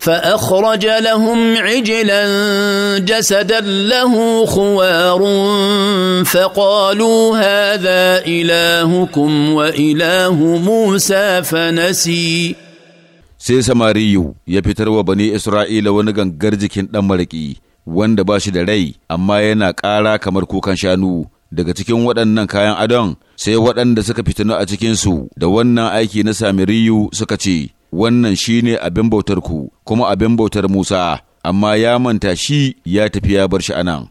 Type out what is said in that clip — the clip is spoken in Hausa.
فأخرج لهم عجلا جسدا له خوار فقالوا هذا إلهكم وإله موسى فنسي sai Samariyu ya fitar wa bani Isra'ila wani gangar jikin ɗan maraƙi wanda ba shi da rai amma yana ƙara kamar kukan shanu daga cikin waɗannan kayan adon sai waɗanda suka fitinu a cikinsu da wannan aiki na Samiriyu suka ce wannan shi ne abin ku kuma abin bautar Musa, amma ya manta shi ya tafi ya bar shi anan.